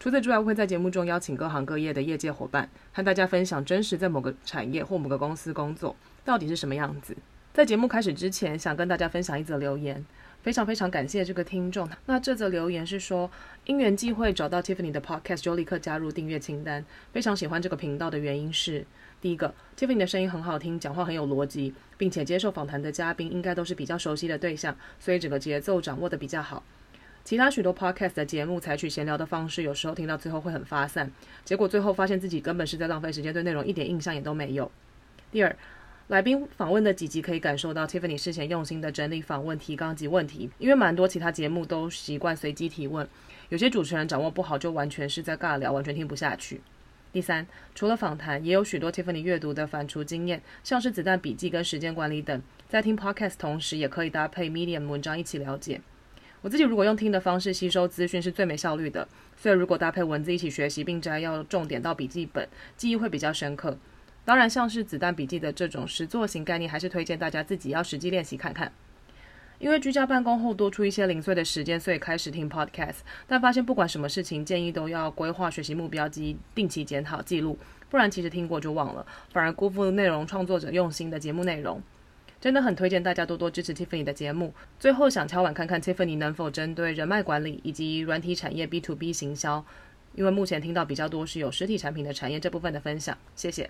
除此之外，我會在節目中邀請各行各業的業界夥伴和大家分享真實在某個產業或某個公司工作到底是什麼樣子。在節目開始之前，想跟大家分享一則留言，非常非常感謝這個聽眾。那這則留言是說，因緣際會找到 Tiffany 的 Podcast 就立刻加入訂閱清單。非常喜歡這個頻道的原因是，第一個，Tiffany 的聲音很好聽，講話很有邏輯，並且接受訪談的嘉賓應該都是比較熟悉的對象，所以整個節奏掌握得比較好。其他許多 podcast 的節目採取閒聊的方式，有時候聽到最後會很發散，結果最後發現自己根本是在浪費時間，對內容一點印象也都沒有。第二，來賓訪問的幾集可以感受到 Tiffany 事前用心的整理訪問提綱及問題，因為蠻多其他節目都習慣隨機提問，有些主持人掌握不好就完全是在尬聊，完全聽不下去。第三，除了訪談，也有許多 Tiffany 閱讀的反芻經驗，像是子彈筆記跟時間管理等，在聽 podcast 同時也可以搭配 Medium 文章一起了解。我自己如果用聽的方式吸收資訊是最沒效率的，所以如果搭配文字一起學習，並摘要重點到筆記本，記憶會比較深刻。當然，像是子彈筆記的這種實作型概念，還是推薦大家自己要實際練習看看。因為居家辦公後多出一些零碎的時間，所以開始聽 podcast，但發現不管什麼事情，建議都要規劃學習目標及定期檢討記錄，不然其實聽過就忘了，反而辜負內容創作者用心的節目內容。真的很推薦大家多多支持 Tiffany 的節目。最後想敲碗看看 Tiffany 能否針對人脈管理以及軟體產業 B to B 行銷，因為目前聽到比較多是有實體產品的產業這部分的分享。謝謝。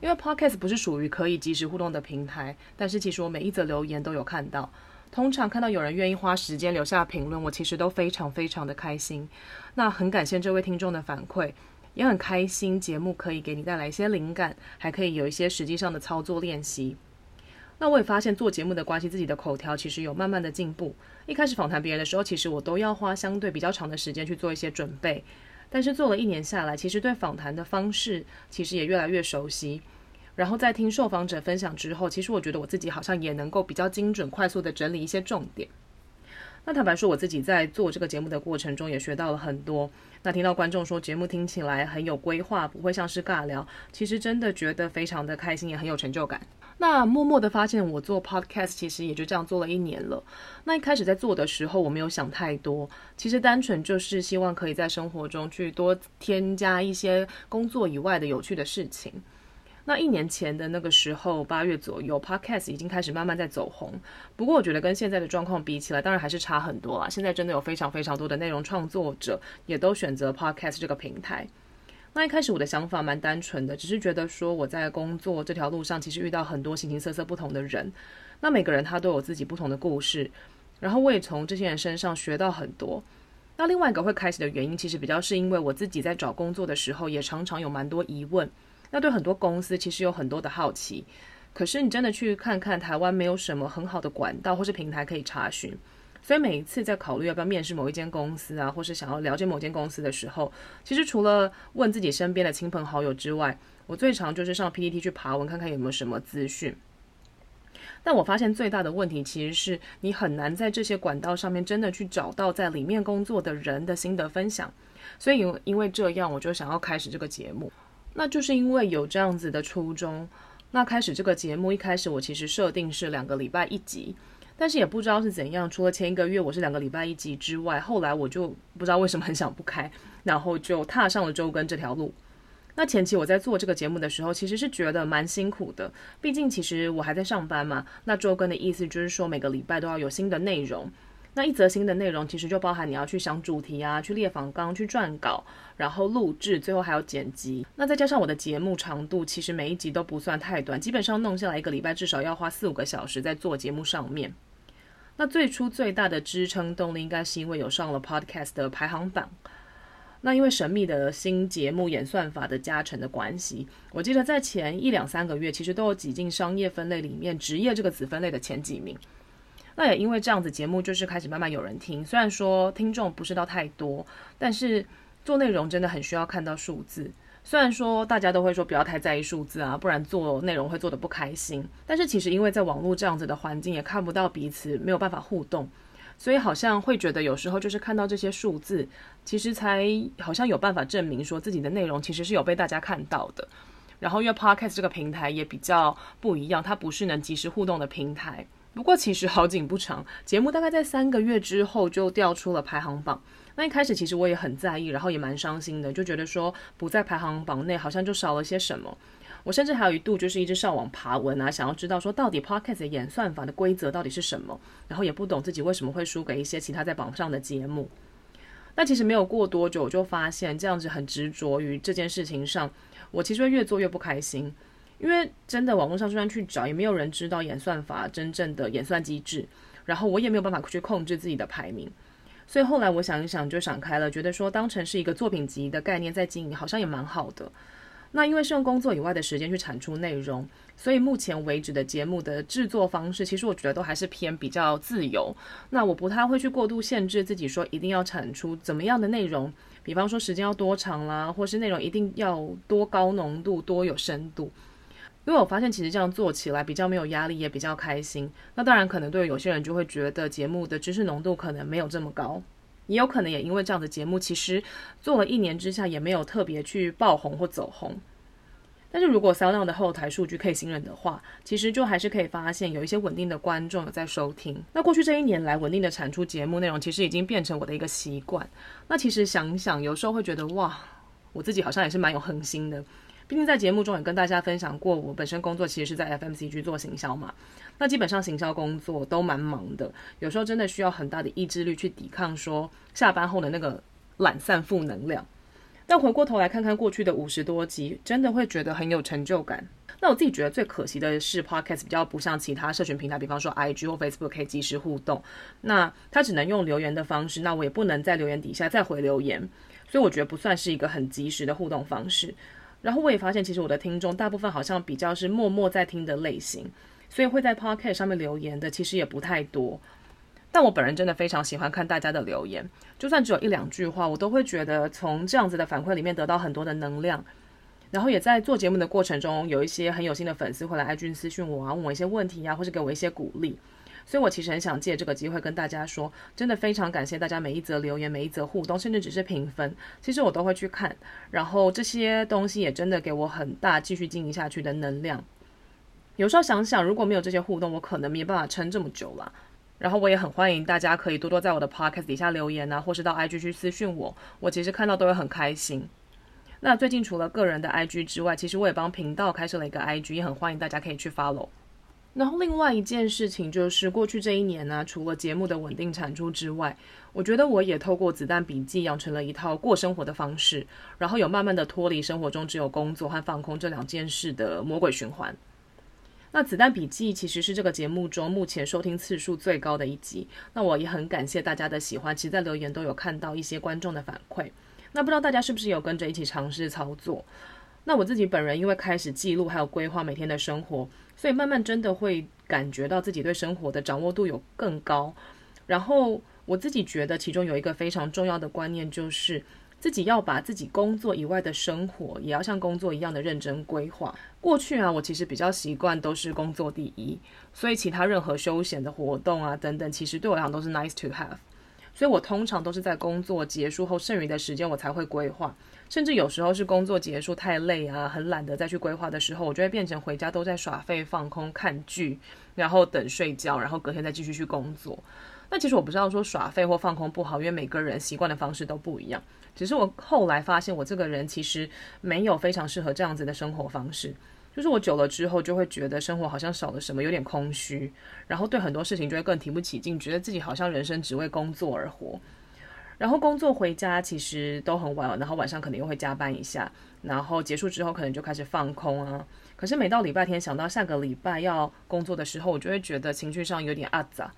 因為 Podcast 不是屬於可以即時互動的平台，但是其實我每一則留言都有看到，通常看到有人願意花時間留下評論，我其實都非常非常的開心。那很感謝這位聽眾的反饋，也很開心節目可以給你帶來一些靈感，還可以有一些實際上的操作練習。那我也發現，做節目的關係自己的口條其實有慢慢的進步。一開始訪談別人的時候，其實我都要花相對比較長的時間去做一些準備。但是做了一年下來，其實對訪談的方式其實也越來越熟悉。然後在聽受訪者分享之後，其實我覺得我自己好像也能夠比較精準、快速的整理一些重點。那坦白說，我自己在做這個節目的過程中也學到了很多。那聽到觀眾說節目聽起來很有規劃，不會像是尬聊，其實真的覺得非常的開心，也很有成就感。那默默的發現，我做 podcast 其實也就這樣做了一年了。那一開始在做的時候，我沒有想太多，其實單純就是希望可以在生活中去多添加一些工作以外的有趣的事情。那一年前的那個時候，八月左右，Podcast 已經開始慢慢在走紅。不過，我覺得跟現在的狀況比起來，當然還是差很多啦。現在真的有非常非常多的內容創作者，也都選擇 Podcast 這個平台。那一開始我的想法蠻單純的，只是覺得說我在工作這條路上，其實遇到很多形形色色不同的人。那每個人他都有自己不同的故事，然後我也從這些人身上學到很多。那另外一個會開始的原因，其實比較是因為我自己在找工作的時候，也常常有蠻多疑問。那對很多公司其實有很多的好奇，可是你真的去看看台灣，沒有什麼很好的管道，或是平台可以查詢。所以每一次在考慮要不要面試某一間公司啊，或是想要了解某間公司的時候，其實除了問自己身邊的親朋好友之外，我最常就是上 PTT 去爬文，看看有沒有什麼資訊。但我發現最大的問題其實是，你很難在這些管道上面真的去找到在裡面工作的人的心得分享。所以因為這樣，我就想要開始這個節目。那就是因為有這樣子的初衷，那開始這個節目，一開始我其實設定是兩個禮拜一集，但是也不知道是怎樣，除了前一個月我是兩個禮拜一集之外，後來我就不知道為什麼很想不開，然後就踏上了週更這條路。那前期我在做這個節目的時候，其實是覺得蠻辛苦的，畢竟其實我還在上班嘛。那週更的意思就是說每個禮拜都要有新的內容。那一則新的內容其實就包含你要去想主題啊，去列訪綱，去撰稿，然後錄制，最後還要剪輯。那再加上我的節目長度，其實每一集都不算太短，基本上弄下來一個禮拜至少要花四五個小時在做節目上面。那最初最大的支撐動力，應該是因為有上了 Podcast 的排行榜。那因為神秘的新節目演算法的加成的關係，我記得在前一兩三個月，其實都有擠進商業分類裡面職業這個子分類的前幾名。那也因為這樣子，節目就是開始慢慢有人聽。雖然說聽眾不是到太多，但是做內容真的很需要看到數字。雖然說大家都會說不要太在意數字啊，不然做內容會做得不開心。但是其實因為在網絡這樣子的環境，也看不到彼此，沒有辦法互動，所以好像會覺得有時候就是看到這些數字，其實才好像有辦法證明說自己的內容其實是有被大家看到的。然後因為 Podcast 這個平台也比較不一樣，它不是能及時互動的平台。不過其實好景不長，節目大概在三個月之後就掉出了排行榜。那一開始其實我也很在意，然後也蠻傷心的，就覺得說不在排行榜內，好像就少了些什麼。我甚至還有一度就是一直上網爬文啊，想要知道說到底 Podcast 的演算法的規則到底是什麼，然後也不懂自己為什麼會輸給一些其他在榜上的節目。那其實沒有過多久，我就發現這樣子很執着於這件事情上，我其實會越做越不開心。因為真的網絡上就算去找，也沒有人知道演算法真正的演算機制，然後我也沒有辦法去控制自己的排名，所以後來我想一想就想開了，覺得說當成是一個作品集的概念在經營，好像也蠻好的。那因為是用工作以外的時間去產出內容，所以目前為止的節目的製作方式，其實我覺得都還是偏比較自由。那我不太會去過度限制自己，說一定要產出怎麼樣的內容，比方說時間要多長啦、啊，或是內容一定要多高濃度、多有深度。因為我發現，其實這樣做起來比較沒有壓力，也比較開心。那當然，可能對有些人就會覺得節目的知識濃度可能沒有這麼高，也有可能也因為這樣的節目其實做了一年之下也沒有特別去爆紅或走紅。但是如果 SoundOn 的後台數據可以信任的話，其實就還是可以發現有一些穩定的觀眾有在收聽。那過去這一年來穩定的產出節目內容，其實已經變成我的一個習慣。那其實想想，有時候會覺得哇，我自己好像也是蠻有恆心的。畢竟在節目中也跟大家分享過，我本身工作其實是在 FMCG 做行銷嘛，那基本上行銷工作都蠻忙的，有時候真的需要很大的意志力去抵抗說下班後的那個懶散負能量。但回過頭來看看過去的五十多集，真的會覺得很有成就感。那我自己覺得最可惜的是 Podcast 比較不像其他社群平台，比方說 IG 或 Facebook 可以即時互動，那它只能用留言的方式，那我也不能在留言底下再回留言，所以我覺得不算是一個很即時的互動方式。然後我也發現，其實我的聽眾大部分好像比較是默默在聽的類型，所以會在 Podcast 上面留言的其實也不太多。但我本人真的非常喜歡看大家的留言，就算只有一兩句話，我都會覺得從這樣子的反饋裡面得到很多的能量。然後也在做節目的過程中，有一些很有心的粉絲會來 IG 私訊我啊，問我一些問題啊，或是給我一些鼓勵。所以，我其實很想借這個機會跟大家說，真的非常感謝大家每一則留言、每一則互動，甚至只是評分，其實我都會去看。然後這些東西也真的給我很大繼續經營下去的能量。有時候想想，如果沒有這些互動，我可能沒辦法撐這麼久了。然後我也很歡迎大家可以多多在我的 podcast 底下留言啊，或是到 IG 去私訊我，我其實看到都會很開心。那最近除了個人的 IG 之外，其實我也幫頻道開設了一個 IG，也很歡迎大家可以去 follow。然後，另外一件事情就是，過去這一年呢、啊，除了節目的穩定產出之外，我覺得我也透過《子彈筆記》養成了一套過生活的方式，然後有慢慢的脫離生活中只有工作和放空這兩件事的魔鬼循環。那《子彈筆記》其實是這個節目中目前收聽次數最高的一集，那我也很感謝大家的喜歡，其實在留言都有看到一些觀眾的反饋，那不知道大家是不是有跟着一起嘗試操作？那我自己本人因為開始記錄還有規劃每天的生活，所以慢慢真的會感覺到自己對生活的掌握度有更高。然後我自己覺得其中有一個非常重要的觀念，就是自己要把自己工作以外的生活也要像工作一樣的認真規劃。過去啊，我其實比較習慣都是工作第一，所以其他任何休閒的活動啊等等，其實對我來講都是 nice to have。所以我通常都是在工作結束後剩餘的時間我才會規劃。甚至有時候是工作結束太累啊，很懶得再去規劃的時候，我就會變成回家都在耍廢、放空、看劇，然後等睡覺，然後隔天再繼續去工作。那其實我不知道說耍廢或放空不好，因為每個人習慣的方式都不一樣。只是我後來發現，我這個人其實沒有非常適合這樣子的生活方式。就是我久了之後，就會覺得生活好像少了什麼，有點空虛，然後對很多事情就會更提不起勁，覺得自己好像人生只為工作而活。然後工作回家其實都很晚了，然後晚上可能又會加班一下，然後結束之後可能就開始放空啊。可是每到禮拜天，想到下個禮拜要工作的時候，我就會覺得情緒上有點阿雜。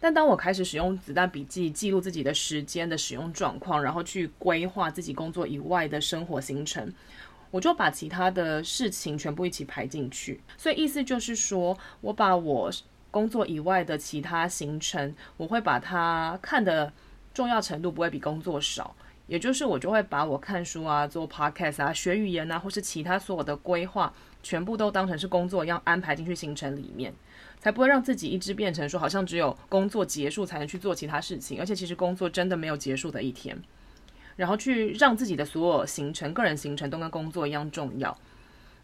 但當我開始使用子彈筆記記錄自己的時間的使用狀況，然後去規劃自己工作以外的生活行程，我就把其他的事情全部一起排進去。所以意思就是說我把我工作以外的其他行程，我會把它看得。重要程度不會比工作少，也就是我就會把我看書啊、做 podcast 啊、學語言啊，或是其他所有的規劃，全部都當成是工作一樣安排進去行程裡面，才不會讓自己一直變成說好像只有工作結束才能去做其他事情，而且其實工作真的沒有結束的一天，然後去讓自己的所有行程、個人行程都跟工作一樣重要。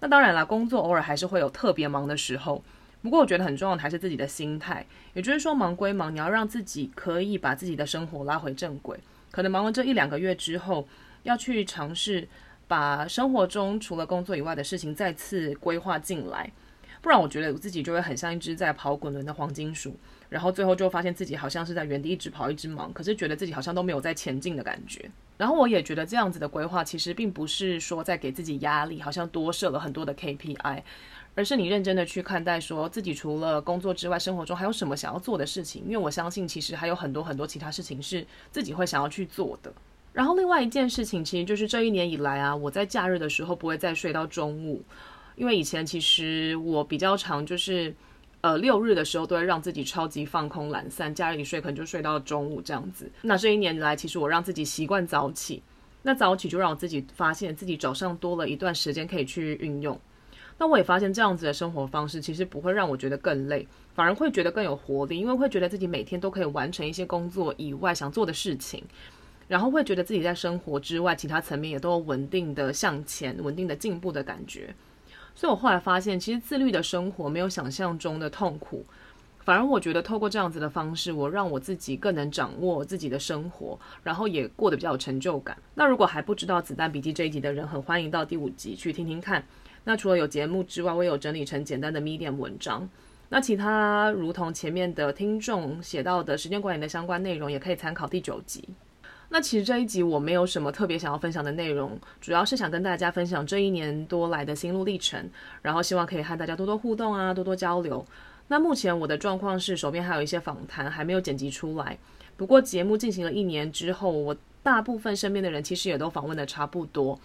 那當然啦，工作偶爾還是會有特別忙的時候。不過我覺得很重要的還是自己的心態，也就是說忙歸忙，你要讓自己可以把自己的生活拉回正軌。可能忙完這一兩個月之後，要去嘗試把生活中除了工作以外的事情再次規劃進來，不然我覺得我自己就會很像一隻在跑滾輪的黃金鼠，然後最後就發現自己好像是在原地一直跑一直忙，可是覺得自己好像都沒有在前進的感覺。然後我也覺得這樣子的規劃其實並不是說在給自己壓力，好像多設了很多的 KPI。而是你認真的去看待，說自己除了工作之外，生活中還有什麼想要做的事情？因為我相信，其實還有很多很多其他事情是自己會想要去做的。然後另外一件事情，其實就是這一年以來啊，我在假日的時候不會再睡到中午，因為以前其實我比較常就是，呃，六日的時候都會讓自己超級放空懶散，假日一睡可能就睡到中午這樣子。那這一年以來，其實我讓自己習慣早起，那早起就讓我自己發現自己早上多了一段時間可以去運用。那我也發現這樣子的生活方式其實不會讓我覺得更累，反而會覺得更有活力，因為會覺得自己每天都可以完成一些工作以外想做的事情，然後會覺得自己在生活之外其他層面也都有穩定的向前、穩定的進步的感覺。所以我後來發現，其實自律的生活沒有想象中的痛苦，反而我覺得透過這樣子的方式，我讓我自己更能掌握自己的生活，然後也過得比較有成就感。那如果還不知道《子彈筆記》這一集的人，很歡迎到第五集去聽聽看。那除了有節目之外，我也有整理成簡單的 Medium 文章。那其他如同前面的聽眾寫到的時間管理的相關內容，也可以參考第九集。那其實這一集我沒有什麼特別想要分享的內容，主要是想跟大家分享這一年多來的心路歷程，然後希望可以和大家多多互動啊，多多交流。那目前我的狀況是，手邊還有一些訪談還沒有剪輯出來。不過節目進行了一年之後，我大部分身邊的人其實也都訪問的差不多。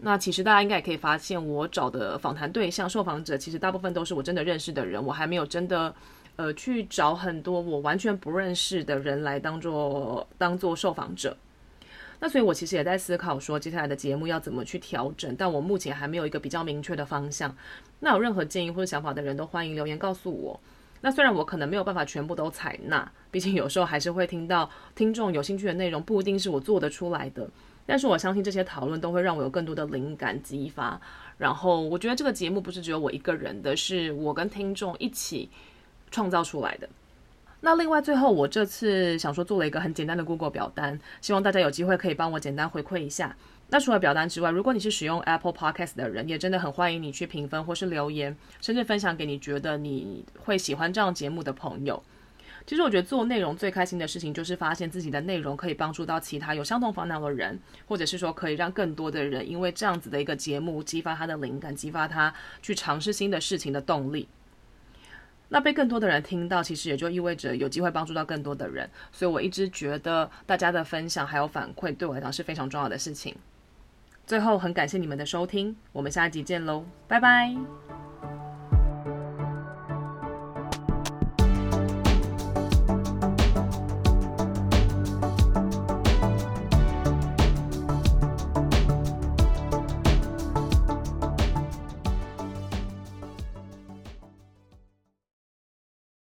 那其實大家應該也可以發現，我找的訪談對象、受訪者其實大部分都是我真的認識的人，我還沒有真的，呃，去找很多我完全不認識的人來當做當做受訪者。那所以，我其實也在思考說，接下來的節目要怎麼去調整，但我目前還沒有一個比較明確的方向。那有任何建議或者想法的人都歡迎留言告訴我。那雖然我可能沒有辦法全部都採納，畢竟有時候還是會聽到聽眾有興趣的內容，不一定是我做得出來的。但是我相信這些討論都會讓我有更多的靈感激發，然後我覺得這個節目不是只有我一個人的，是我跟聽眾一起創造出來的。那另外最後，我這次想說做了一個很簡單的 Google 表單，希望大家有機會可以幫我簡單回饋一下。那除了表單之外，如果你是使用 Apple Podcast 的人，也真的很歡迎你去評分或是留言，甚至分享給你覺得你會喜歡這樣節目的朋友。其實我覺得做內容最開心的事情，就是發現自己的內容可以幫助到其他有相同煩惱的人，或者是說可以讓更多的人因為這樣子的一個節目，激發他的靈感，激發他去嘗試新的事情的動力。那被更多的人聽到，其實也就意味着有機會幫助到更多的人。所以我一直覺得大家的分享還有反饋，對我來講是非常重要的事情。最後，很感謝你們的收聽，我們下一集見嘍，拜拜。